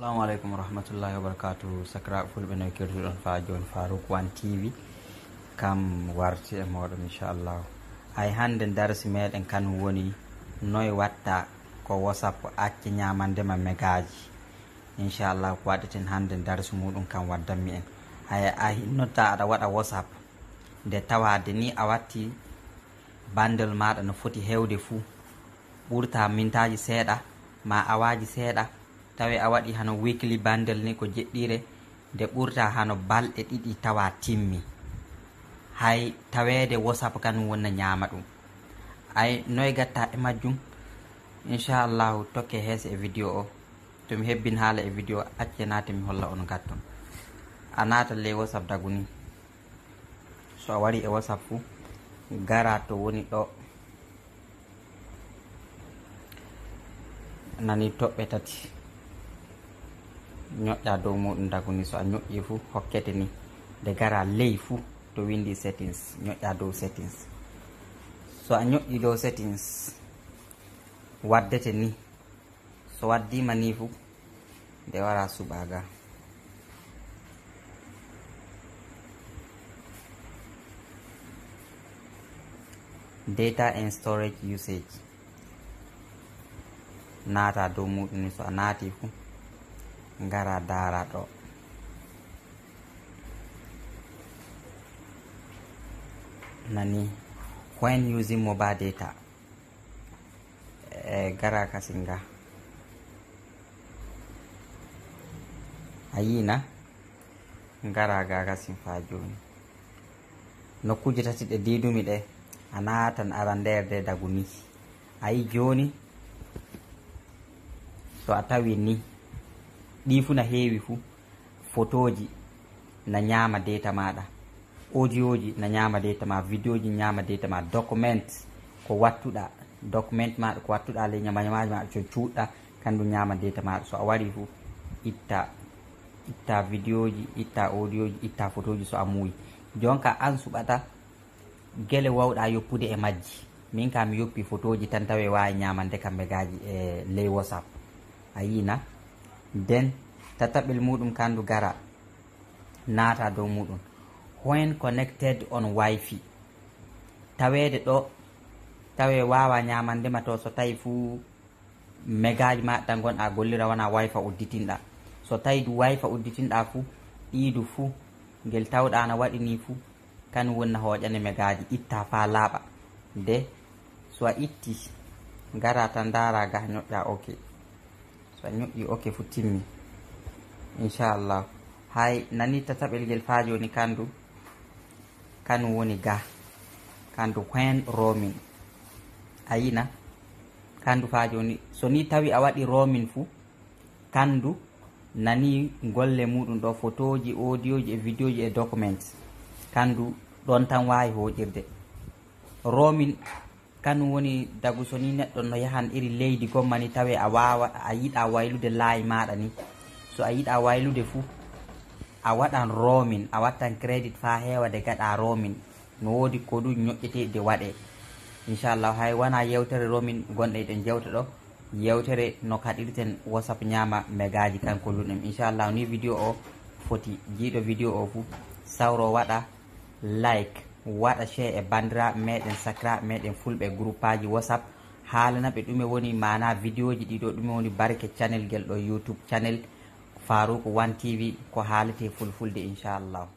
assalamu aleykum wa rahmatullahi wa barakatu sakiraɓe fulɓe no kertuɗon fa joni farouk wan tv kam warti e moɗon inchallahu hay hande darsi meɗen kanum woni noye watta ko wosappo acca ñamandema megaji inchallahu ko waɗeten hande darsi muɗum kam waddanmi en hay a notta aɗa waɗa wasappo nde tawade ni a watti bandel maɗa no foti hewde fou ɓurta mintaji seeɗa ma awaji seeɗa tawi a waɗi hano weekly bandel ni ko jeɗɗire nde ɓurta hano balɗe ɗiɗi tawa timmi hay taweede wasap kan wonna ñaama ɗum ay noye gatta e majjum inchallahu tokke hees e vidéo o tomi hebbin haala e vidéo acce naate mi holla on gatton a naata ley wasap dagu ni so a wari e wasap fuu gara to woni ɗo nani toɓɓe tati ñoƴƴa dow muɗum daguni so a ñoƴƴi fu hokkete ni nde gara ley fu to windi settings ñoƴƴa dow settings so a ñoƴƴi dow settings waddete ni so waddima ni fu nde wara suɓaga data and storage usage naata dow muɗum ni so a naati fu ngara dara ɗo nani when using mobile data e gara kasinga ayina ngara ga kasin fa joni no kuje tati ɗe didumi ɗe a ara arandeer de dagu ni ayi joni to a tawi ni ɗi fu na heewi fuu photoji na ñaama deta maɗa audio ji na ñaama deta ma vidéo ji ñaama deta ma document ko wattuɗa document maɗa ko wattuɗa ley ñamañamaji maɗa so cuuɗɗa kanndu ñaama deta maɗa so a wari fuu itta itta vidéo ji itta audio ji itta photo ji so a muuyi jonka an suɓata gele wawɗa yoppude e majji min ka mi yoppi photo ji tan tawi wawi ñamande kamɓe gaji e ley whatsapp a yiina nden tataɓel muɗum kandu gara naata dow muɗum hoin connected on wifi taweede ɗo tawe wawa ñamandema to so tawi fuu megaji maɗa gonɗa gollira wona wifa udditinɗa so tawi du wifa udditinɗa fuu ɗiidu fuu gel tawɗa na waɗi ni fuu kanum wonna hoƴane megaji itta fa laaɓa nde so a itti gara tan daraga ñoƴƴa oky okay. so a ñoƴƴi ok fo timmi inchallah hay nani tataɓel ngel fa joni kandu kanu woni ga kandu hen romin ayina kandu fa joni so ni tawi a waɗi romin fou kandu nani golle muɗum ɗo photo ji audio ji e vidéo ji e document kandu ɗon tan wawi hoƴirde romin kanum woni dagu so ni neɗɗo no yahan iri leydi gomma ni tawi a wawa a yiɗa waylude laayi maɗa ni so a yiɗa waylude fuu a waɗan romin a wattan crédit fa hewade gaɗa romin no woodi ko ɗum ñoƴƴeteɗe waɗe inchallah hay wona yewtere romin gonɗe ɗen jewte ɗo yewtere no kaɗirten wasap ñama megaji kankolluɗum inchallah ni vidéo o foti jiiɗo vidéo o fuu sawro waɗa like waɗa che e bandiraɓe meɗen sacraɓe meɗen fulɓe groupeji whatsapp haalanaɓe ɗume woni mana vidéo ji ɗiɗo ɗume woni barke channel guel ɗo youtube channel farouko one tv ko haalete fulfulde inchallahu